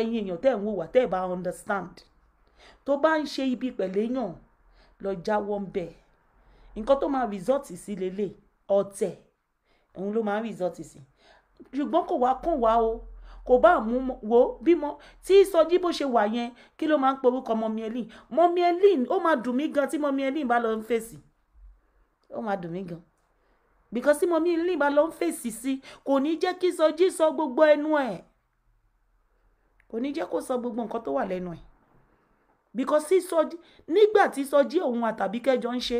ẹ̀yin èèyàn tẹ́ ẹ̀ ń wò wá tẹ́ ẹ̀ bá understand tó bá ń ṣe ibi pẹ̀lú èèyàn lọ jáwọ́ ń bẹ̀ nǹkan tó máa result sí lélẹ̀ ọ̀tẹ̀ òun ló máa result sí ṣùgbọ́n kò wá kàn wá o kò bá mú wo bímọ tí Sọjí bó ṣe wà yẹn kí ló máa ń porúkọ mọmi elin mọmi elin ó máa dùn mí gan tí mọmi elin bá lọ ń fèsì ó máa dùn mí gan because tí mọmi elin bá lọ ń fèsì sí kò ní jẹ́ kí Sọjí sọ gbogbo ẹnu ẹ̀ kò ní jẹ́ kó sọ gbogbo nǹkan tó wà lẹ́nu ẹ̀ because sísọ nígbà tí sọjí òun àtàbí kẹjọ ń ṣe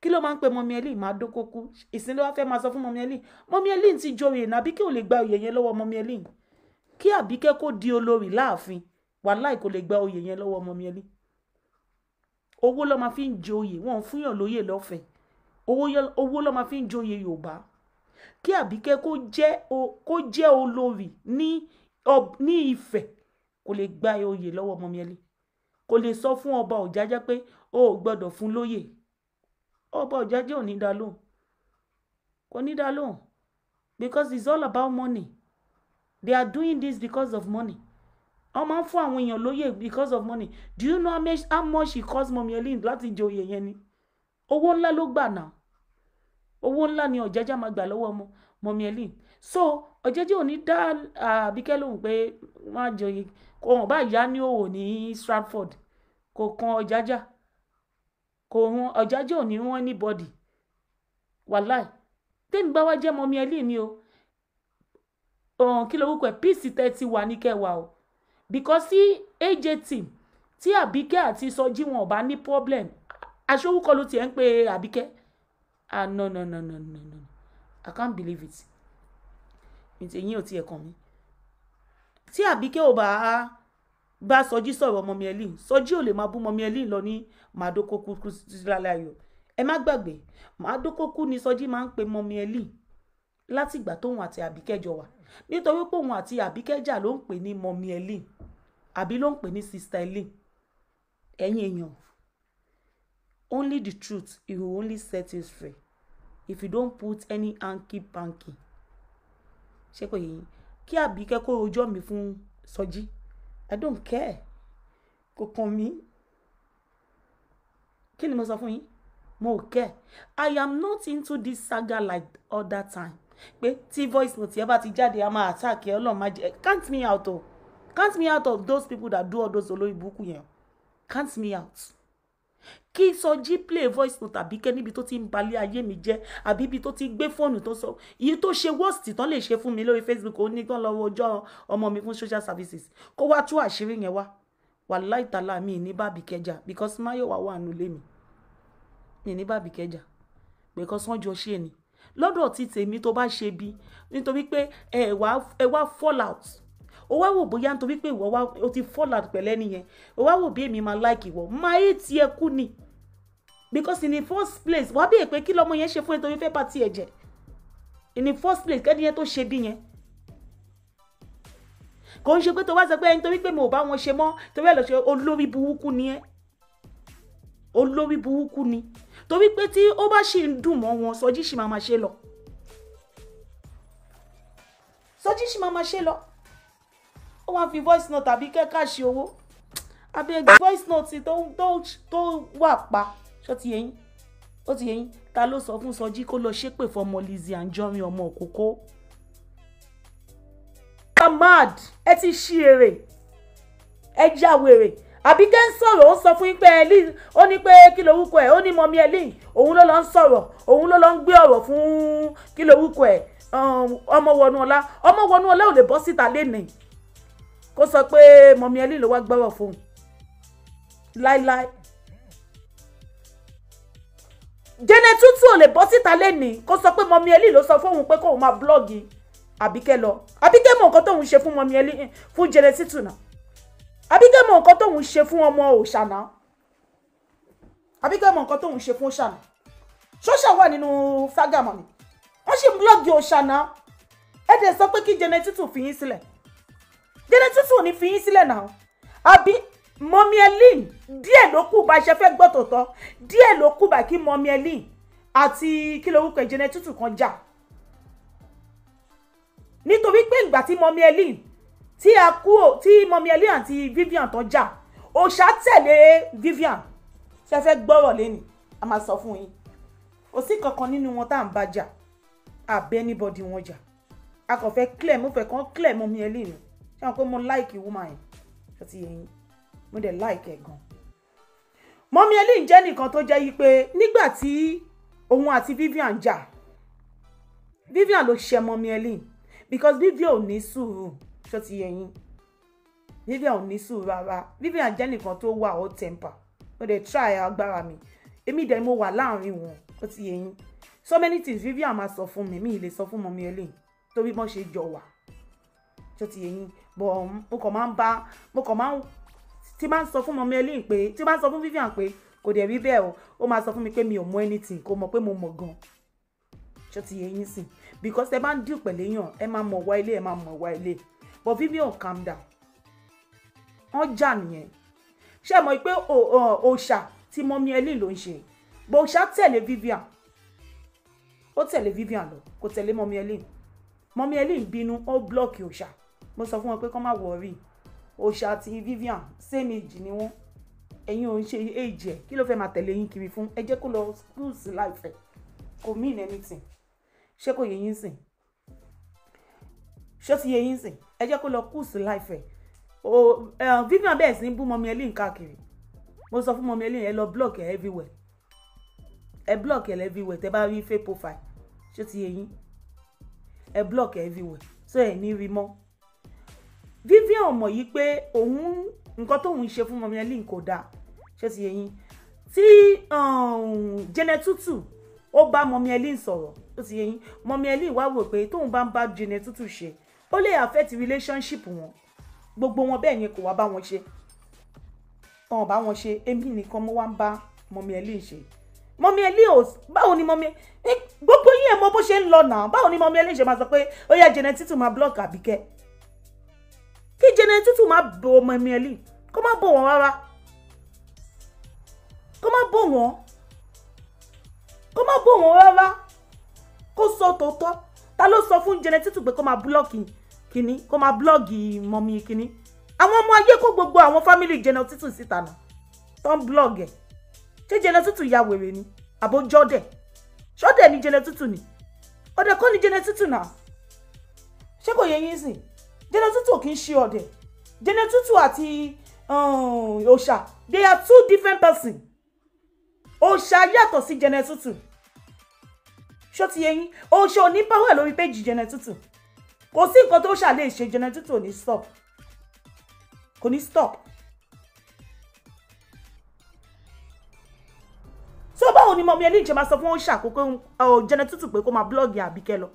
kí ló máa ń pe mọmi ẹlí máa dókókú ìsinlẹ̀ wá fẹ́ máa sọ fún mọmi ẹlí mọmi ẹlí ti joyè ní Àbíkẹ́ ò lè gba oyè yẹn lọ́wọ́ mọmi ẹlí kí Àbíkẹ́ kó di olórí láàfin wàláì kò lè gba oyè yẹn lọ́wọ́ mọmi ẹlí owó ló máa fi ń joyè wọn fúnyàn lóyè lọ́fẹ̀ẹ́ owó ló máa fi ń joyè Yorùbá kí Àbíkẹ́ kó jẹ́ olórí ní Ifẹ̀ kò lè gba oyè lọ́wọ́ Ọmọmiẹlé kò lè sọ fún ọba Ọ̀jájá pé o ò gbọ́dọ̀ fún lóyè ọba Ọ̀jájá ò ní dá lóhùn kò ní dá lóhùn because it's all about money they are doing this because of money wọ́n máa ń fún àwọn èèyàn lóyè because of money do you know how much it cost Ọmọmiẹlé láti jẹ oyè yẹn ni owó ńlá ló gbà náà owó ńlá ni Ọ̀jájá máa gbà lọ́wọ́ Ọmọmiẹlé so ọ̀jẹ́jì ò ní dá Àbíkẹ́ lóhùn pé má joyè ohun bá yá ní òwò ní Stratford kò kan Ọjájá kò hun Ọjájá ò ní wọ́n ní bọ́dì wàláì tẹ́mi bá wá jẹ́ mọ́mí ẹlí ni o kí ló wúkọ̀ ẹ̀ pc thirty wà ní kẹwàá o because sí aj team tí Àbíkẹ́ àti Sọjí wọn ò ní problem aṣọ́wó kọ́ ló tiẹ̀ ń pe Àbíkẹ́ ah no no no no no no I can't believe it ìyẹn ò tiẹ̀ kàn mí tí àbíkẹ́ ò bá bá sọjí sọ̀rọ̀ ọmọ mi ẹlín sọjí ò lè máa bú ọmọ mi ẹlín lọ ní màdókókú lálàyò ẹ má gbàgbé màdókókú ni sọjí máa ń pe ọmọ mi ẹlín láti ìgbà tóun àti àbíkẹ́ jọ wà nítorí pé òun àti àbíkẹ́ jà ló ń pè ní mọ̀mí ẹlín àbí ló ń pè ní sista ẹlín ẹ̀yin èèyàn only the truth it will only set us free if you don't put any hanky panky ṣé kò yẹ yín kí Àbíkẹ́ kó rojọ́ mi fún Sọjí I don't care kò kàn mí kí ni mo sọ fún yín mo ò care I am not into this saga like other time pé tí voice note yẹn bá ti jáde a máa attack ẹ ọlọ́run má jẹ́ count me out o count me out of those people that do all those olórí burúkú yẹn count me out kí Sọjí play voice note àbí kẹ́ níbi tó ti ń balẹ̀ ayé mi jẹ́ àbí ibi tó ti gbé fóònù tó sọ èyí tó ṣe worst tán lè ṣe fún mi lórí Facebook ó ní tán lọ́wọ́ ọjọ́ ọmọ mi fún social services kó wá tú àṣírí yẹn wá wàláì tàlà mi ní bàbí kẹjà because Máyọ̀wá wà nù lé mi mi ní bàbí kẹjà because wọ́n jọ ṣe ni lọ́dọ̀ ti tèmi tó bá ṣe bí nítorí pé ẹ wá ẹ wá fall out ó wá wò bóyá nítorí pé ìwọ wá o ti fall out pẹ̀lẹ́ nìyẹn ó wá wò bí èmi máa like ìwọ máa é tiẹ̀ kú ni because in the first place wàá bèèrè pé kí lọmọ yẹn ṣe fún ẹ torí fẹ́ bá tiẹ̀ jẹ́ in the first place kẹ́ni yẹn tó ṣe bí yẹn kò ń ṣe pé tó wá sọ pé ẹni torí pé mo ò bá wọn ṣe mọ́ torí ẹ̀ lọ́ ṣe olórí burúkú ni ẹ́ olórí burúkú ni torí pé tí ó bá ṣì ń dùn mọ́ wọn sọjí ṣì máa ma ṣe lọ sọjí ṣì máa ma ṣe lọ ó wá fi voice note tàbí kẹ́kàṣì owó abeg voice note tó wà pa ṣó ti yẹ yín ó ti yẹ yín ta ló sọ fún Sọjí kó lọ ṣépè fọmọ Lizzie Anjorin ọmọ òkókó. ẹ mad ẹ ti ṣí èrè ẹ já wèrè àbí kẹ́ ń sọ̀rọ̀ ó sọ fún yín pé ẹlí ó ní pé kí ló wúkọ ẹ̀ ó ní mọ̀mí ẹlí òun ló lọ ń sọ̀rọ̀ òun ló lọ ń gbé ọ̀rọ̀ fún kí ló wúkọ ẹ̀ ọmọ wọnúọlá ọmọ wọnúọlá ò lè bọ́ síta lénìí kó sọ pé mọ̀mí ẹlí ló wá gbọ́rọ̀ fún un láíláí Dene Tutu ò lè bọ́ síta lẹ́nìí kó sọ pé mọ̀mí ẹlí ló sọ fóun pé kóun máa blọ́ọ̀gì Àbíkẹ́ lọ Àbíkẹ́ mọ nǹkan tóun ṣe fún mọ̀mí ẹlí eh, fún Dene Tutu náà Àbíkẹ́ mọ nǹkan tóun ṣe fún ọmọ òṣànà Àbíkẹ́ mọ nǹkan tóun ṣe fún òṣànà ṣọ́ṣà wà nínú Ságàmọ̀ ni wọ́n ṣe blọ́ọ̀gì òṣànà ẹ̀ dẹ̀ sọ pé kí Dene Tutu fi yín sílẹ̀ Dene Tutu ò ní fi yín sílẹ̀ náà àbí mọ́mí elin díẹ̀ ló kù bá ṣe fẹ́ gbọ́ tòótọ́ díẹ̀ ló kù bá kí mọ́mí elin àti kí ló wúkọ ìjẹnẹ tútù kan jà nítorí pé ìgbà tí mọ́mí elin tí a kú tí mọ́mí elin àti Vivian tó jà òṣà tẹ̀lé Vivian ṣe fẹ́ gbọ́rọ̀ lẹ́nu a máa sọ fún yín kò sí kankan nínú wọn tá à ń bá jà àbẹ́ anybody wọn jà a kò fẹ́ clear mo fẹ́ kàn clear mọ́mí elin ṣé wọn pé mo like woman yẹn ṣe ti yẹ yín mo dẹ̀ like ẹ̀ gan. mọ́mí Helen jẹ́ nìkan tó jẹ́ yí pé nígbà tí òun àti Vivian jà Vivian ló ṣe mọ́mí Helen because Vivian ò ní sùúrù ṣó ti yẹ yín Vivian ò ní sùúrù rárá Vivian jẹ́ nìkan tó wà ó temper mo dẹ̀ try agbára mi èmi dẹ̀ mo wà láàrin wọn ó ti yẹ yín so many things Vivian máa sọ fún mi mi ì lè sọ fún mọ́mí Helen torí bọ́n ṣe jọ wà ṣó ti yẹ yín bọ̀ mo kàn máa ń bá mo kàn máa ń tí bá ń sọ fún mọ̀mí ẹlín pé tí bá ń sọ fún Vivian pé kò dẹ̀ rí bẹ́ẹ̀ o ó máa sọ fún mi pé mi ò mọ anything kò mọ̀ pé mo mọ̀ gan ṣó ti yẹ yín sìn because ẹ bá ń dìpẹ̀ léyàn ẹ máa mọ̀ wá ilé ẹ máa mọ̀ wá ilé but Vivian calm down wọ́n jà nìyẹn ṣé mọ̀ pé òòṣà tí mọ̀mí ẹlín ló ń ṣe but òòṣà tẹ̀lé Vivian ó tẹ̀lé Vivian lọ kò tẹ̀lé mọ̀mí ẹlín mọ̀mí ẹlín bínú ó blọ́ọ̀kì òòṣà mo sọ fún wọn pé kọ́ má wọrí òòṣà àti Vivian same age ni wọ́n ẹ̀yin ò ń ṣe age ẹ̀ kí ló fẹ́ máa tẹ̀lé yín kiri fún ẹ jẹ́ kó lọ schools life ẹ̀ kò mean anything ṣé kò yẹ yín sìn ṣé ó ti yẹ yín sìn ẹ jẹ́ kó lọ schools life oh o Vivian bẹ́ẹ̀ sí ń bú mọ́mí ẹlẹ́yìn káàkiri mo sọ fún mọ́mí ẹlẹ́yìn ẹ lọ block ẹ everywhere ẹ block ẹ everywhere tẹ bá rí fake profile ṣé ó ti yẹ yín ẹ block ẹ everywhere so ẹ ní rí mọ́ Vivian mọ̀ yìí pé òun nǹkan tóun ṣe fún Mọ́mì kò dáa ṣé ti yé yín tí um, Jẹnẹtútù ó bá Mọ́mì sọ̀rọ̀ ó ti yé yín Mọ́mì wá wò pé tóun bá ń bá Jẹnẹtútù ṣe ó lè affect relationship wọn gbogbo wọn bẹ́ẹ̀ yẹn kò wá bá wọn ṣe wọn bá wọn ṣe èmi nìkan mo wá ń bá Mọ́mì ṣe mọ́mí ẹ lé o báwo ni mọ́mí gbogbo yín ẹ mọ bó ṣe ń lọ nà báwo ni mọ́mí ẹ ṣe máa sọ pé ó yá Jẹnẹtútù máa blọọkì Àbíkẹ́ Ọ̀gbẹ́ni Títù má bo ọmọ ẹ̀mí ẹ̀lì kó má bò wọ́n rárá kó má bò wọ́n kó má bò wọ́n rárá kó sọ tòótọ́ ta ló sọ fún Ọ̀gbẹ́ni Títù pé kó má búlọ́ọ̀kì kínní kó má búlọ́ọ̀gì mọ́mí kínní àwọn ọmọ ayé kó gbogbo àwọn fámìlì Ọ̀gbẹ́ni Títù síta nà tó ń búlọ́ọ̀gì ẹ̀ ṣé Ọ̀gbẹ́ni Títù ya wèrè ni àbójọ́dẹ̀ ṣọ́dẹ̀ ni Ọ̀gbẹ́ni Títù ni ọdẹ kọ́ ni Ọ̀gbẹ́ni Títù náà ṣé kò yẹ yín sìn Ọ̀gbẹ́ni Títù kì í ṣe ọdẹ Jenetutu àti um, Òòṣà they are two different person Òòṣà yàtọ̀ sí Jenetutu ṣó ti yé yín Òòṣà ò ní power lórí péjì Jenetutu kò sí nǹkan tó ṣà lè ṣe Jenetutu ò ní stop kò ní stop So, báwo ni mọ̀mí ẹlí ìjẹba sọ fún Òòṣà àkókò Jenetutu pé kó máa blọ́ọ̀gì Àbíkẹ́ lọ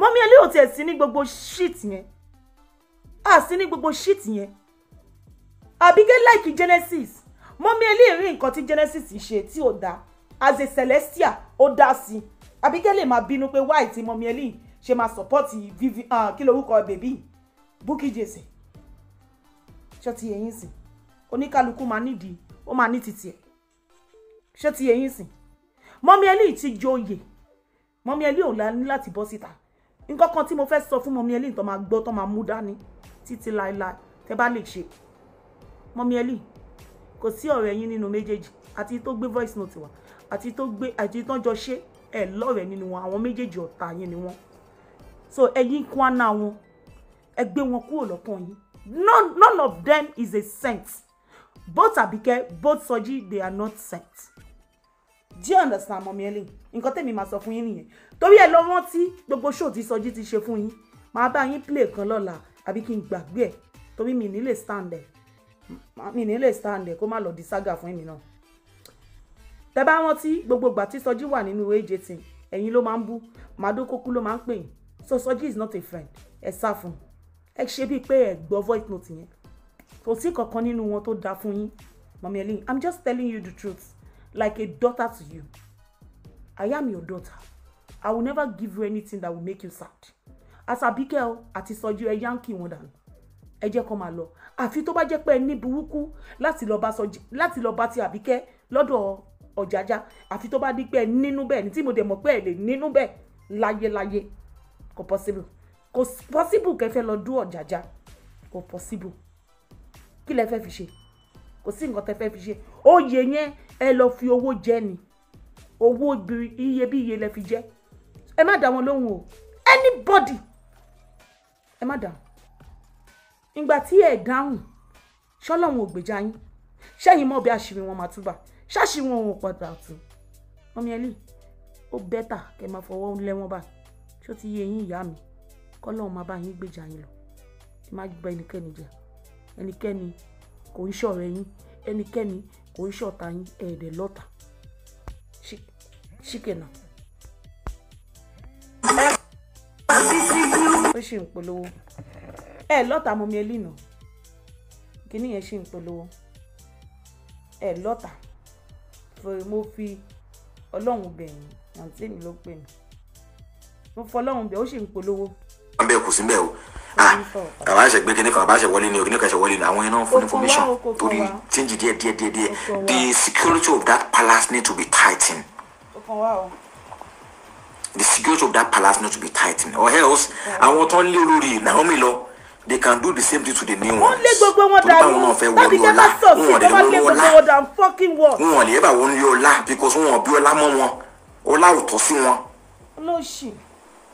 mọ̀mí ẹlí ò tiẹ̀ sí ní gbogbo shit yẹn sí ní gbogbo shit yẹn Abigail like Genesis mọ́mí eléyìí nǹkan tí Genesis ṣe tí ò dáa as a celestial ó dá sí i Abigail lè máa bínú pé why tí mọ́mí eléyìí ṣe máa support vivi kí lorúkọ bèbí Bukky Jesse ṣé ti yẹn sìn oníkálukú máa nídìí ó máa ní títì ẹ̀ ṣé ti yẹn sìn mọ́mí eléyìí ti joyè mọ́mí eléyìí ò ní láti bọ́ síta nǹkan kan tí mo fẹ́ sọ fún mọ́mí eléyìí tó máa gbọ́ tó máa mú dání títí láéláé tẹ́ bá lè ṣe mọ́mí ẹ́lì kò sí ọ̀rẹ́ yín nínú méjèèjì àti tó gbé voice note wa, àti tó gbé àti tó jọ ṣe ẹ̀ lọ́rẹ̀ẹ́ nínú wọn àwọn méjèèjì ọ̀tá yín ni wọ́n so ẹ̀yin kún àná wọn ẹ gbé wọn kúrò lọ́kàn yín none none of them is a saint both Abike both Soji they are not saint do you understand mọ́mí ẹ́lì nǹkan tẹ̀mí máa sọ fún yín nìyẹn torí ẹ lọ rántí gbogbo show tí Soji ti ṣe fún yín màá bá yín play kan lọ́la àbí kí n gbàgbé ẹ̀ torí mi ní lè stand ẹ̀ mi ní lè stand ẹ̀ kó má lọ di sága fún èmi náà. tẹ bá rántí gbogbo ìgbà tí sọjí wà nínú ìwé ìjẹtì ẹ̀yin ló máa ń bú màdókókú ló máa ń pè yín so sọjí is not a friend ẹ sá fún ẹ ṣe bíi pé ẹ gbọ́ voice note yẹn kò sí kankan nínú wọn tó dáa fún yín mami elin i'm just telling you the truth like a daughter to you i am your daughter i will never give you anything that will make you sad àsàbíkẹ́ o àti sọjí ẹ yankee wọn dànù ẹ jẹ́ kó máa lọ àfi tó bá jẹ́ pé ẹ ní burúkú láti lọ bá sọjí láti lọ bá ti àbíkẹ́ lọ́dọ̀ ọ̀jájá àfi tó bá di pé ẹ nínú bẹ́ẹ̀ ní tí mo dẹ̀ mọ̀ pé ẹ lè nínú bẹ́ẹ̀ láyéláyé kò possible kò possible kẹ́ fẹ́ lọ dú ọ̀jájá kò possible kí lẹ fẹ́ fi ṣe kò sí nǹkan tẹ́ fẹ́ fi ṣe oyè yẹn ẹ lọ fi owó jẹ ni owó iyebíye lẹ fi jẹ ẹ má dá wọn lóhùn o anybody ẹ má dáhùn ìgbà tí ẹ dáhùn ṣọlọ́run ò gbèjà yín ṣẹ́yìn mọ́ bí àṣírí wọn máa túbà ṣáṣírí wọn ò padà tù ọmọ ẹ lè ó bẹ́tà kẹ́ máa fọwọ́ lẹ́wọ́n báyìí ṣó ti yé yín ìyá mi kọ́lọ́run máa bá yín gbèjà yín lọ ẹ má gba ẹnikẹ́ni jẹ ẹnikẹ́ni kò ń ṣọ̀rẹ́ yín ẹnikẹ́ni kò ń ṣọ̀tá yín ẹ̀ẹ́dẹ̀ ṣíkẹ̀ náà. ó ṣì ń polówó ẹ lọ́ta mọ́mi elínà kíní yẹn ṣì ń polówó ẹ lọ́ta mo fi ọlọ́run bẹ̀ mí àǹtí mi ló pè mí mo fọ ọlọ́run bẹ̀ ó ṣì ń polówó. wọ́n bẹ́ẹ̀ kù síbẹ̀ o ah, àbá ṣe gbé kíní kan àbá ṣe wọlé ni o kíní kan ṣe wọlé ni àwọn iná fún information torí change díẹ̀ díẹ̀ díẹ̀ díẹ̀ the security of that palace need to be tightened the security of that palace not to be tightened or else àwọn tó ń lé olórí Naomi lọ they can do the same thing to the new ones. wọ́n lé gbogbo wọn dànù tàbí kí ẹ bá sọ sí ẹ bá lé gbogbo wọn dànù fucking wọ. n wọn lè bá wọn lé ọlá because wọn bí ọlá mọ wọn ọlá ò tọ́ sí wọn. olóòṣì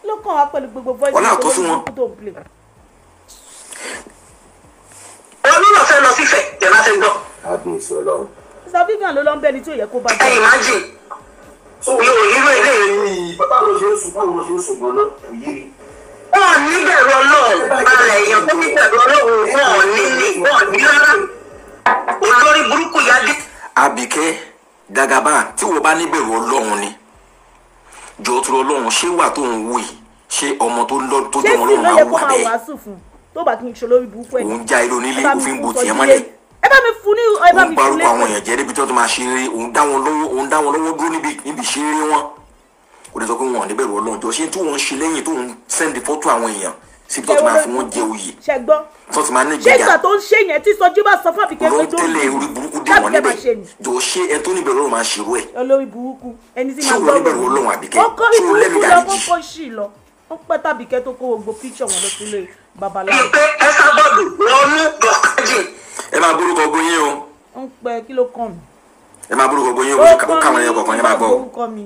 ló kàn wá pẹ̀lú gbogbo voice ọlá ò tọ́ sí wọn. olóòlò fẹ́ lọ sífẹ̀ jẹ̀lá ṣe ń gbọ́. adùn ìṣòro. sọ ló lọ ń bẹ́ni tí ò yẹ kó bá jẹ́. ẹ imagine so mi ò nílò ilé yìí bàbá mi ṣe ń sùn báwo ṣe ń sùn gan náà kò yé mi. wọn ní bẹ̀rù ọlọ́run ara èèyàn tó ní bẹ̀rù ọlọ́run wọn ní ní wọn ní rárá olórí burúkú yá dé. àbíkẹ́ dagaba tí wọ́n bá ní bẹ̀rù ọlọ́run ni jọ tó lọ lọ́run ṣé wà tó ń wù yìí ṣé ọmọ tó lọ tó dán ọlọ́run máa wà bẹ́ẹ̀. òun já irun nílé òfin bò tiẹ̀ mọ́lẹ̀ ẹ bá mi fún ní ẹ bá mi fún lẹ́sẹ̀. ó ń parúkọ àwọn èèyàn jẹ́ níbi tí wọ́n ti máa ṣeré òun dá wọn lọ́wọ́ òun dá wọn lọ́wọ́ dúró níbi níbi ṣeré wọn kò ní sọ pé wọn ò níbẹ̀rù ọlọ́run jọ ṣé tí wọ́n ń ṣe lẹ́yìn tó ń sẹ́ndì fọ́tò àwọn èèyàn síbi tó ti máa fi wọ́n jẹ oyè tó ti máa ní ìgbéga ṣé ìgbà tó ń ṣe yẹn tí sọjú bá sọ fún àbíkẹ́ pé tó ń tẹ́lẹ̀ orí burúkú dé wọn níbẹ̀ jọ ṣé ẹ tó níbẹ̀rù ọlọ́run máa ẹ máa borúkọ ogun yín o. ń pẹ kí ló kàn mí. ẹ máa borúkọ ogun yín o ó kàwọn ẹyọ kọ̀ọ̀kan yẹn máa gbọ́. ó kọ́ mi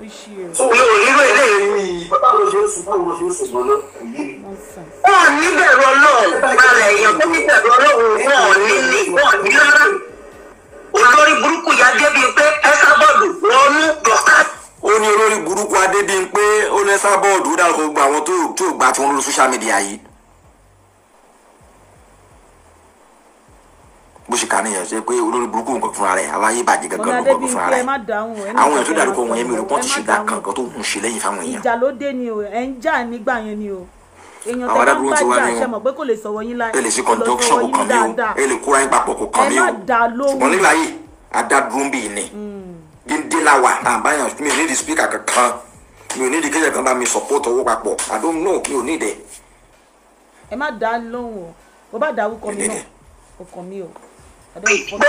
ó ṣe é. mi ò nílò ilé yìí. bàbá mi ṣe é sùn báwo ló ṣe é sùn lọ́nà kò yé ní bẹ̀rù ọlọ́run balẹ̀ èèyàn tó ní bẹ̀rù ọlọ́run wọn ní ní wọn ní rárá. olórí burúkú yá débi pé ẹsà bọ́ọ̀lù wọnú dọ̀tà. ó ní olórí burúkú adébíyí pé ó ní ẹsà bọ́ọ̀lù gbogbo àwọn tó gbà tó ń lo social yìí. bó ṣe kà níyẹn ṣe pé olórí burúkú nǹkan fúnra rẹ̀ aláyé bàjẹ́ gangan nǹkan fúnra rẹ̀ àwọn èèyàn tó dárúkọ wọn yẹn mi rò pọ́n ti ṣe dá kankan tó ń ṣe lẹ́yìn fáwọn èèyàn. ìjà ló dé ni o ẹ ń jà nígbà yẹn ni o èèyàn tẹ máa ń bá jà ṣe mọ̀ pé kò lè sọ̀rọ̀ yín láì lọ sọ̀rọ̀ yín dáadáa ẹ lè kóra yín papọ̀ kò kàn mí o ṣùgbọ́n nígbà yìí hmm. ẹ má dá lóhùn o bá dáwọ́ kọ mi náà ọkàn mi o gbogbo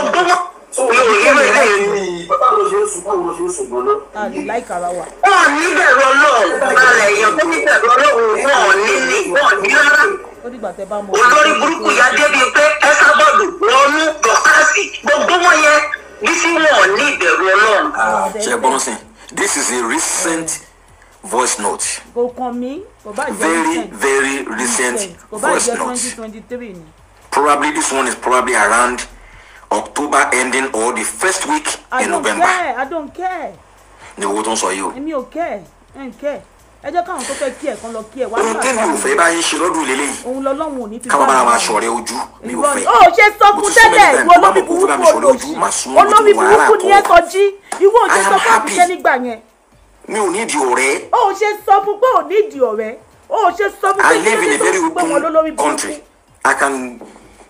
wọn olórí burúkú yá débi pé ẹsà bọ́ọ̀dù ronú dọ̀kásì gbogbo wọn yẹn bísí wọn ní ìbẹ̀rù ọlọ́run. ṣe gbọ́n sìn this is a recent voice note very very recent voice note probably this one is probably around october ending or the first week in november. i don't care i don't care. ni owó tó ń sọ yìí o. èmi ò kẹ́ ẹ̀ ń kẹ́ ẹ jẹ́ káwọn tó fẹ́ kí ẹ̀ kan lọ kí ẹ̀ wá. ohun tẹ́lẹ̀ ò fẹ́ bá yín ṣe lọ́dún ilé yìí. òun lọ́lọ́run ò ní fi bá wọn. káwọn bá wa ṣọ̀rẹ́ ojú mi ò fẹ́. o ṣe sọkun tẹ́lẹ̀ ìwọ olómi burúkú olójú olómi burúkú ni ẹ sọ jí ìwọ ò ṣe sọ fún àbíṣẹ́ nígbà yẹn. mi ò nídìí ọ̀rẹ́. o ṣe sọ fún pé ò nídìí ọ̀rẹ́ o ṣe sọ fún pé kí ẹ ti sọ fún pé wọn lólórí burúkú. I live in a very open country. I can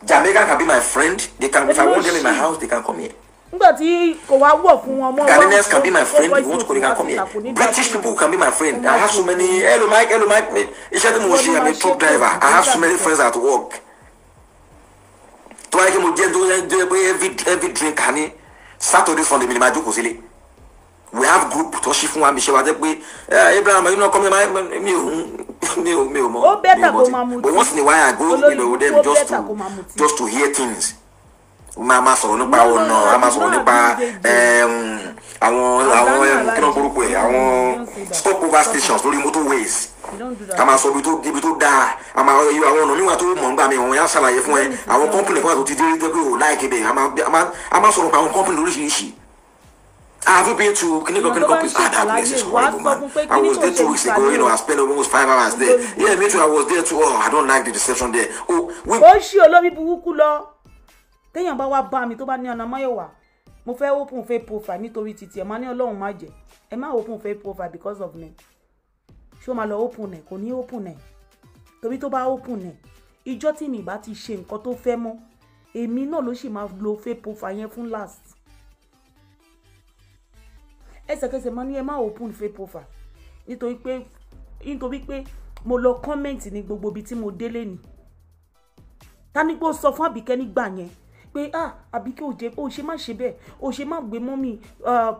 Jamaica can be my friend they can if I want them in my house they can come here nígbà tí kò wá wọ̀ fún wọn mọ́. Ghanaians can be my friend if you want to go they come here British people can be my friend I have so many hello Mike hello Mike eh, iṣẹ́ tí mo ṣe I'm a truck driver I have so many friends at work tó wáyé kí mo jẹ́ tó yẹ pé every every drink kan ní Saturday Sunday mi ni màá jókòó sílé we have group tó ṣí fún wa mi ṣe wa jẹ́ pé eh, Abraham you know come here mi ò mi ò mi ò mọ ó bẹ́tà kó máa mutí but once in a while I go you know them just to just to hear things máa máa sọ̀rọ̀ nípa ọ̀nà a máa sọ̀rọ̀ nípa àwọn àwọn kí ló ń borúkọ ẹ̀ àwọn stopover stations lórí motorways a máa sọ ibi tó dáa a máa àwọn ọ̀nà níwà tó mọ̀ nígbà mi àwọn yà ṣàlàyé fún ẹ àwọn company kan àti ti dé dé pé ò láìké bẹ́ẹ̀ a máa sọ̀rọ̀ pa àwọn company lóríṣiríṣi. I haven't been to clinical clinical place. Ah, that place is horrible, man. I was there two weeks ago. You know, I spent almost five hours there. Yeah, me too. I was there too. Oh, I don't like the reception there. Oh, we. ó ṣí olórí burúkú Then téèyàn bá wá bá mi tó ni anama ọ̀nà máyọ̀wá mo fẹ́ open fake profile nítorí títí ẹ̀ máa ní ọlọ́run má jẹ́ ẹ open fake profile because of me Show o máa lọ open ẹ̀ kò ní open ẹ̀ torí tó open ẹ̀ ìjọ́ tí mi bá ti ṣe nǹkan tó fẹ́ mọ́ èmi náà ló sì máa lo fake profile yẹn fún last ẹsẹ̀kẹsẹ̀ máa ní ẹ má open fake profile nítorí pé nítorí pé mo lọ kọ́mẹ̀ntì ní gbogbo ibi tí mo délé ni tánípò sọ fún àbíkẹ́ nígbà yẹn pé ah àbíkẹ́ òjé ó ṣe má ṣe bẹ́ẹ̀ ó ṣe má gbé mọ́mì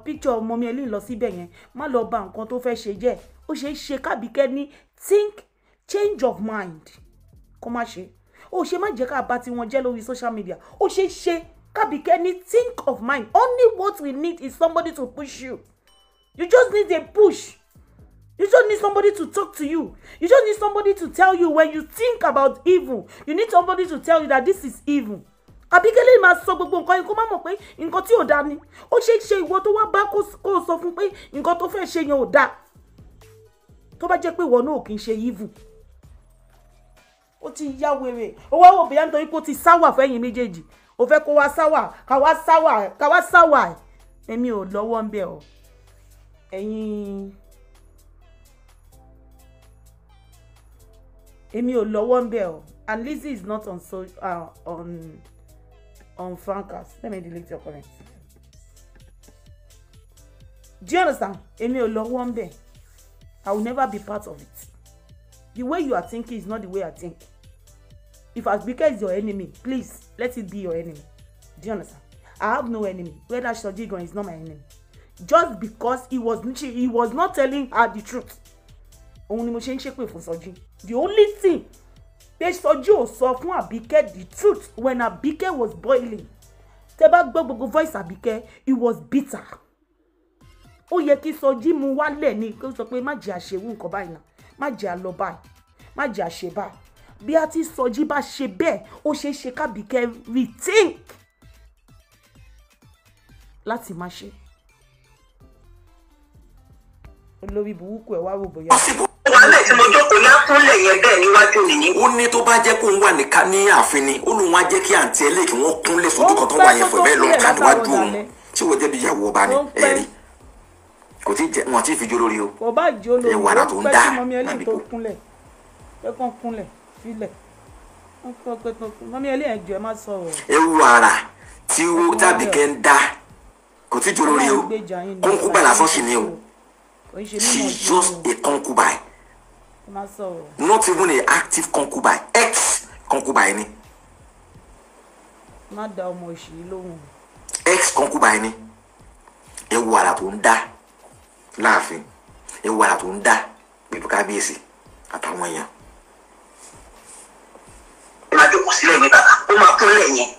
picture mọ́mì ẹlẹ́yìn lọ síbẹ̀ yẹn má lọ ba nǹkan tó fẹ́ ṣe jẹ́ ó ṣe é ṣe kábíkẹ́ ní think change of mind kó má ṣe ó ṣe má jẹ́ ká bá tiwọn jẹ́ lórí social media ó ṣe é ṣe kábíkẹ́ ní think of mind only what we need is somebody to push you you just need a push you just need somebody to talk to you you just need somebody to tell you when you think about evil you need somebody to tell you that this is evil àbíkẹ́lẹ́ máa sọ gbogbo nǹkan yìí kó má mọ̀ pé nǹkan tí ò dáa ni ó ṣe é ṣe ìwọ tó wá bá kó o sọ fún pé nǹkan tó fẹ́ ṣe yẹn ò dáa tó bá jẹ́ pé ìwọ náà kì í ṣe evil ó ti yá wèrè ó wá wò bóyá nítorí pé ó ti sáwà fẹ́yìn méjèèjì ó fẹ́ kó wá sáwà ká wá sáwà ká wá sáwà ẹ̀mí ò lọ́wọ́ ń bẹ̀ ọ́ ẹ̀yin èmi ò lọ́wọ́ ń bẹ̀ ọ́ and Lizzie is not on so uh, on on frankas. let me delete your comment do you understand èmi ò lọ́wọ́ ń bẹ̀ I will never be part of it the way you are thinking is not the way I think if Abike is your enemy please let it be your enemy do you understand I have no enemy whether Shojigan is not my enemy just because he was she, he was not telling her the truth òun ni mo ṣe ń ṣépè fún Sọjí the only thing pé Sọjí ò sọ fún abike the truth when abike was boiling tẹ bá gbọ́ gbogbo voice abike he was bitter ó yẹ kí Sọjí mu wálẹ̀ ni kó sọ pé má jẹ́ àṣewú nǹkan báyìí náà má jẹ́ àlọ báyìí má jẹ́ àṣe báyìí bí a ti Sọjí bá ṣe bẹ́ẹ̀ ó ṣeé ṣe k'Àbíkẹ́ rethink láti má ṣe olórí burúkú ẹ̀ wá rò bóyá. wàhálà tí mo jókòó lákúnlẹ̀ yẹn bẹ́ẹ̀ níwájú nìyí. ó ní tó bá jẹ́ kó ń wà ní ká ní ààfin ni ó lóun á jẹ́ kí àǹtí ẹlẹ́kì wọ́n kúnlẹ̀ fojú kan tó wà yẹn fún ẹ̀ bẹ́ẹ̀ lọ́ọ́ ká níwájú òun tí wọ́n jẹ́ bí ìyàwó ọba ni ẹ̀rí kò tí wọn ti fi jó lórí o ẹ wàrà tó ń dá nàbí kò. ẹ wàrà tí wọ́n tàbí kẹ́ ń dá kò tí jó lórí o kó ń kú bàlá fọ́ọ̀ṣì ni o she just a concubine not even an active concubine ex concubine ni má da ọmọ ex concubine ni ẹ wo àrà tó ń dá láàfin ẹ wo àrà tó ń dá pẹ̀lú kábíyèsí àtàwọn èèyàn. ẹ máa jókòó sílẹ̀ mi bàbá ó máa kúnlẹ̀ yẹn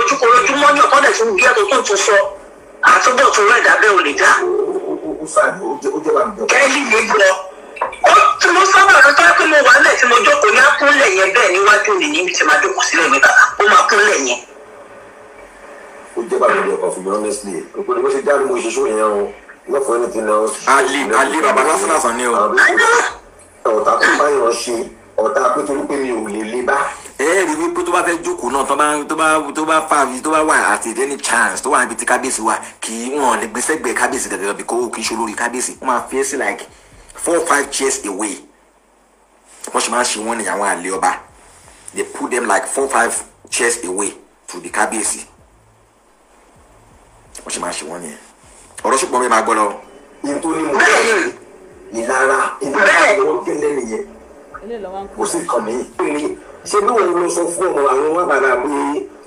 ojúkòrò ojúmọ́ ní ọ̀pọ̀ dẹ̀ fún bí ẹ̀kọ́ tó ń tún sọ àtúbọ̀ kú sáàbì ó jẹ́ wà kẹ́lí mi gbọ́ ó tí mo sábà lọ tọ́ pé mo wà ń tí mo jókòó ní akúnlẹ̀ yẹn bẹ́ẹ̀ níwájú mi níbi tí màá jókòó sílẹ̀ mi bàbá ó máa kúnlẹ̀ yẹn. ó jẹ́ bàbá mi ọkọ̀ fún mi honestly òpin ni mo ṣe jáde ali ali baba lásán lásán ni o. ọ̀tá tó bá yàn ṣe ọ̀tá pé torí pé mi ò lè le bá ẹ rí wípé tó bá fẹ́ jókòó náà tó bá tó bá tó bá fà mí tó bá wà àti any chance tó wà níbi tí kábíyèsí wà kì í wọn lè gbé sẹ́gbẹ̀ẹ́ kábíyèsí gàgàgà bí kò kì í ṣe olórí kábíyèsí wọ́n máa fi ẹ́ sí like four five chairs away wọ́n sì máa ṣe wọ́n ní àwọn àlè ọba they put them like four five chairs away to the kábíyèsí wọ́n sì máa ṣe wọ́n nìyẹn ọ̀rọ̀ ṣùgbọ́n mi máa gbọ́ lọ. nítorí mo ní ìlara ìlara ìwọ́n gbẹ́lẹ́ nìyẹn ó sì kàn mí ṣé bí wọn lọ sọ fún ọmọ àwọn wà bàdà pé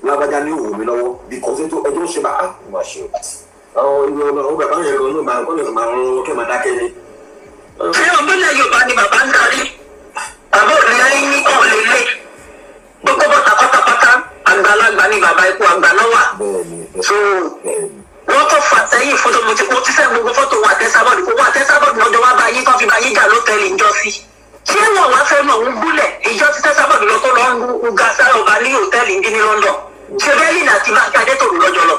lágbájá ní òwò mi lọ́wọ́ bìkọ́sẹ́ tó ọjọ́ ṣe bá wà ah, ṣe àwọn ìlú ọba àwọn bàbá yẹn kan náà máa kọ́ lẹ́nu máa rán wọn kẹ́ máa dákẹ́ ni. ṣé ọgbẹ́lẹ̀ Yorùbá ni bàbá ń darí bàbá ò ní ní ọ̀lẹ́lẹ̀ gbogbo bọ́ta pátápátá àgbàlagbà ni bàbá ikú àgbà náà wà. wọ́n kọ́ fà sẹ́yìn fótó mo ti kó tíṣẹ́ gbogbo fótó wà tẹ́sábọ̀dù kó wà tẹ́sábọ̀dù lọ́jọ́ wá bá yí kọ́ fi bá yí jà lótẹ́ẹ̀lì ìjọ́sí ṣé wọn wá fẹ́ mọ̀ ń gúnlẹ̀ ìjọ́sí tẹ́sábọ̀dù lọ́kọ́ sango ugasaro bali hòtẹ́ẹ̀lì ń bí ní London ṣe bẹ́ẹ̀lì náà ti bá ti adétòrò lọ́jọ́ lọ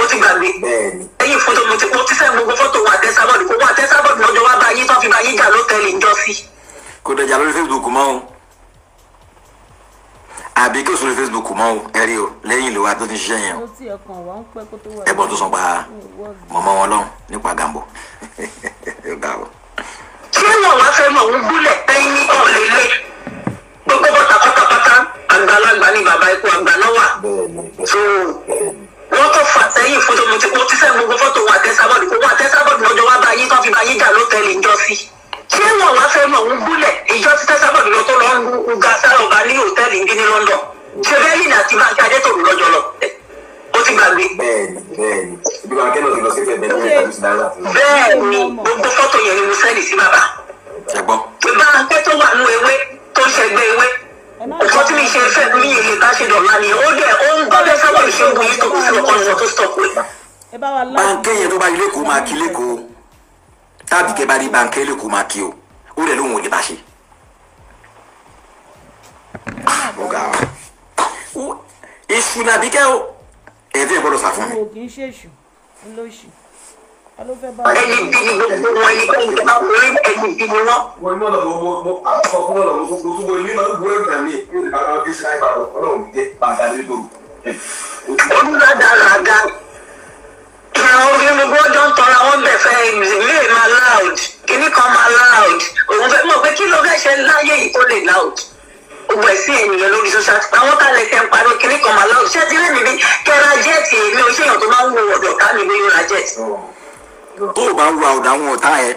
ó ti gbàgbé ẹ̀yìn fótó mo ti mo ti sẹ́yìn gbogbo fótó wa tẹ́sábọ̀dù gbogbo wa tẹ́sábọ̀dù lọ́jọ́ wa bá yín tó fi bá yín jà lọ́tẹ́ẹ̀lì ń jọ sí. kò dẹjà lórí Facebook mọ́ o àbí kí o sọ̀rọ̀ Facebook mọ́ o ẹ rí o lẹ́yìn ìlú wa tó ti ń ṣiṣẹ́ yẹn o ẹ̀bọ̀n tó sàn pa mọ̀mọ́ wọn lọ́hùn nípa gàmbọ̀ ṣé wọn wá fẹ́ mọ̀ ń gúnlẹ̀ ẹ̀yìn ọ̀lẹ́lẹ̀ gbogbo àgbàlagbà ni bàbá ikú àgbà náà wà so wọ́n tó fà sẹ́yìn fún tomi tí kò tí sẹ́ gbogbo fọ́tò wà tẹ́sábọ̀dù gbogbo àtẹ́sábọ̀dù lọ́jọ́ wá bá yí tó fi bá yí jà lọ́tẹ̀lì ìjọsí ṣé wọn wá fẹ́ mọ̀ ń gúnlẹ̀ ìjọ tí tẹ́sábọ̀dù lọ tó lọ ń ga sára ọba ní hòtẹ́ẹ̀lì ní London ṣe bẹ́ẹ̀ lìn àti bá ń kí adé tòun lọ́jọ́ lọ bànkẹ́ yẹn tó bá rí lẹ́kọ̀ọ́ máa kí lẹ́kọ̀ọ́ tàbí kẹ́ bá rí bànkẹ́ lẹ́kọ̀ọ́ máa kí o ó rẹ̀ lóhùn ò bá ṣe. iṣu nàbí kẹ́ o ẹ̀ẹ́dẹ́ ẹ̀ gbọ́dọ̀ sàfún mi. o kì í ṣe èṣù ńlọ́ṣù ẹni bí ni gbogbo wọn ni kí n bá orí ẹni bí ni wọn. wọ́n ní ọ̀nà gbogbo gbogbo àwọn ọkùnrin ọ̀nà gbogbo gbogbo ilé náà gbogbo ẹ̀gbà mi àwọn ọ̀gá ìṣẹ́ àìpàdé ọlọ́run jẹ́ bàtà nílò. olùdádàrà ga ológun gbọ́dọ̀ ń tọrọ àwọn bẹ̀fẹ̀ ilé máa loud kíní kan máa loud òun fẹ́ mọ̀ pé kí ló fẹ́ ṣe láyé yìí tó lè loud gbogbo ẹ̀sìn ènìyàn lórí social àwọn kálẹ̀ ṣe ń parí kíní kan máa loud ṣé tilẹ̀ níbi kẹra jẹ́ẹ̀tì èmi ò ṣèyàn tó máa ń wo ọ̀dọ̀ ká mi lóyún ra jẹ́ẹ̀tì. tó o bá ń wa ọ̀dà àwọn ọ̀tá ẹ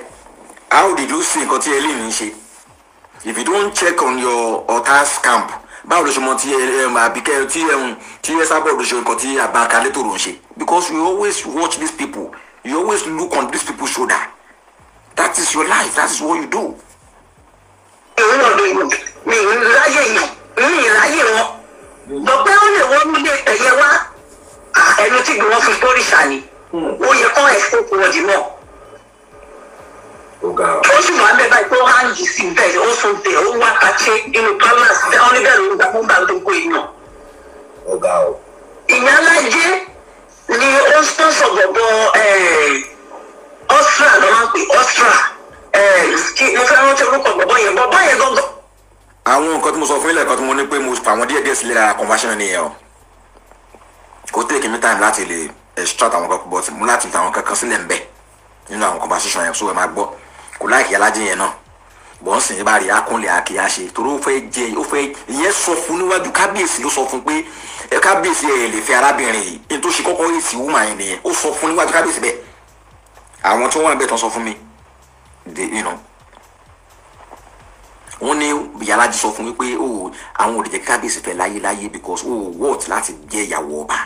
how did you see nǹkan tí ẹ lè ní ṣe if you don't check on your ọ̀tá's scamp? báwo ló ṣe mọ tí um, àbíkẹ́ tí tí um, Esabod ṣe nǹkan tí àbá Akalẹ́tòrò ń ṣe because you always watch these people you always look on these people's shoulder that is your life that is what you do. èyí náà ló yẹ mi ì ráyè yìí mi ì ráyè wọn gbọ̀gbẹ́ ó lè wọ́n nílé ẹ̀yẹ wá ẹnu tí gbọ́n fi bọ́rì sàní ó yẹ kọ́ ẹ̀fọ́ kò wọ́n dì náà ó sì máa ń bẹ báyìí pé ó hàn yìí sí bẹ́ẹ̀ ó sùn bẹ́ẹ̀ ó wá kàtí inú sílẹ̀ lára conversion nìyẹn o ó take me time láti lè extract àwọn kankan but mo láti ta kankan sílẹ̀ ń bẹ̀ nínú àwọn conversation yẹn so ẹ máa gbọ́ kò láìkí alájẹ yẹn náà bọ́n sì ń bá akúnlẹ̀ àkìyà ṣe torí ó fẹ́ jẹ ó fẹ́ ìyẹn sọ fún níwájú kábíyèsí ló sọ fún pé ẹ kábíyèsí ẹ lè fẹ́ arábìnrin yìí ní tó ṣe kọ́kọ́ yìí sí wúmà yẹn nìyẹn ó sọ fún níwájú kábíyèsí bẹ́ẹ̀ àwọn tí wọ́n wà bẹ́ẹ̀ tán sọ fún mi wọ́n ní yàrá ti sọ fún mi o oh, àwọn ò kábíyèsí fẹ́ láyé láyé because o oh, wọ́ọ̀tì láti jẹ́ ìyàwó ọba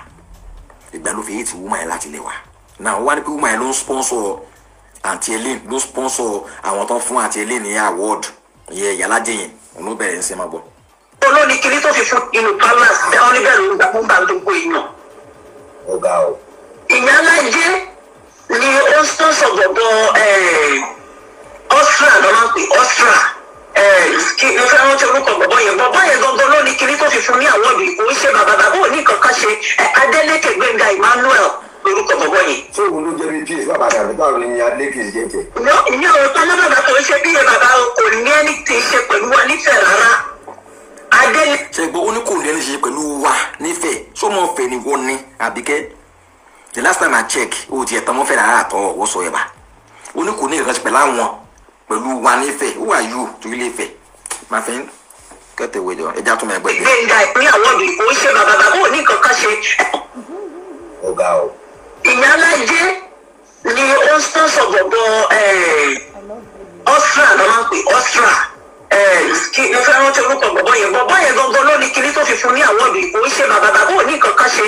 ìgbà ló fi èyí ti wúmọ̀ yẹn láti lè wá náà wọ́n wá ní pé wúmọ̀ yẹn ló ń sponsor àǹtí ellen ló sponsor àwọn tó ń fún àǹtí ellen ní award yẹ yàrá jẹ yẹn òun ló bẹ̀rẹ̀ ń sẹ́ máa bọ̀. olórí kiri tó fi fún inú palace dáhùn níbẹ̀ ló ń gbà fún gbàdúgbò èèyàn. ọ̀gá o. ìyá alájẹ ni ó ń sponsor gbọ̀ngàn ọ̀stra eh, lọ́wọ́ pé ọ̀stra. Eh, kí n fẹ́ rántí orúkọ bọ̀bọ̀ yẹn bọ̀bọ̀ yẹn gangan ló ní kinní tó fi fún ní àwọn ìlú kò ń ṣe bàbá bàbá ò ní kankan ṣe eh, Adeleke Gbénga Emmanuel lórúkọ bọ̀bọ̀ yẹn. ṣé òun ló jẹ́ bí bíyè bàbá rẹ̀ báwo ni Adeleke ṣe jẹ́ tiẹ̀. ní ọ̀rọ̀ tọ́lá bàbá kò ń ṣe bíyè bàbá kò ní ẹni tí ń ṣe pẹ̀lú wa nífẹ̀ẹ́ rárá Adeleke. ṣe gbọ́ ó ní kò ní ẹni ṣe pẹ̀lú wa nífẹ̀ẹ́ ṣó pẹ̀lú wa nífẹ̀ẹ́ who are you to ilé Ifẹ̀ my friend kẹ́tẹ̀ wẹ̀ jọ ẹja tún mọ ẹgbẹ́ gbẹ. gbẹ̀ngà ìpínlẹ̀ àwọn òbí kò ń ṣe bàbá bàbá òní kankan ṣe. ọ̀gá o. ìyálájé ni ó ń tán sọ̀gbọ̀gbọ̀ ọ́stra ló máa ń pè ọ́stra mo fẹ́ rántí orúkọ bọ̀bọ̀ yẹn bọ̀bọ̀ yẹn gangan ló ní kinní tó fi fún ní àwọn òbí kò ń ṣe bàbá bàbá òní kankan ṣe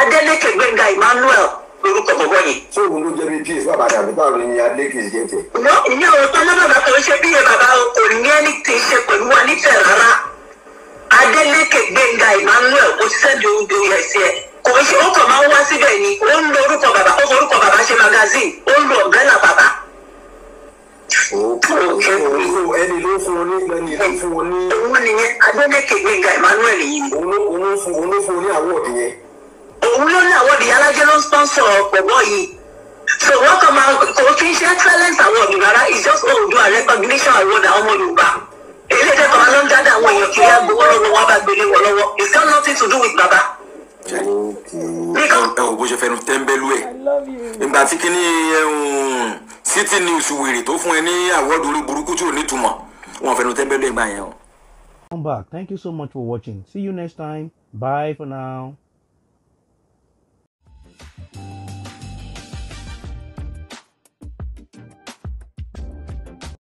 Adélékè Gbẹ̀ngà Emmanuel lórúkọ bọ̀bọ̀ yìí. ṣé òun ló jẹ́ bí ps bàbá tàbí báwo ni adé kì í jẹ́ tẹ̀. lọ ìní ọ̀rọ̀ tó lọ́dọ̀ bá sọ̀rọ̀ ṣe bí yẹn bàbá o kò ní ẹni tí í ṣe pẹ̀lú wa nífẹ̀ rárá Adélékè Gbénga Emmanuel kò sẹ́ni oúnjẹ yẹn sí ẹ kò ń ṣe ó kàn máa ń wá síbẹ̀ ni ó ń lo orúkọ bàbá ó forúkọ bàbá ṣe magazine ó ń lo ọ̀gánà bàbá. ẹni ló fún ọ ní ẹni ló fún ọ ní. òun nìyẹn Adélékè Gbénga Emmanuel yìí. òun ló fún ọ ní àwọ̀ ọ̀dìyẹn òun ló ní àwọn ìyá alájẹ ló ń sponsor pẹ̀bọ́ yìí so wọ́n kàn máa kò kí n ṣe excellence award rárá it's just Oòduà oh, recognition award àwọn ọmọ Yorùbá èlé ìjọba ló ń jáde àwọn èèyàn kiri agbowó lọ́wọ́ wọn bá gbélé wọn lọ́wọ́ it's got nothing to do with baba. ẹ ò bó ṣe fẹnu tẹ́ńbẹ́lú ẹ̀ ìgbà tí kínní um, city news wèrè tó fún ẹ ní award orí burúkú tí ò ní túmọ̀ wọn fẹnu tẹ́ńbẹ́lú ẹ̀ gbà yẹn o. Come back. Thank you so much for watching. See you next time. Bye for now.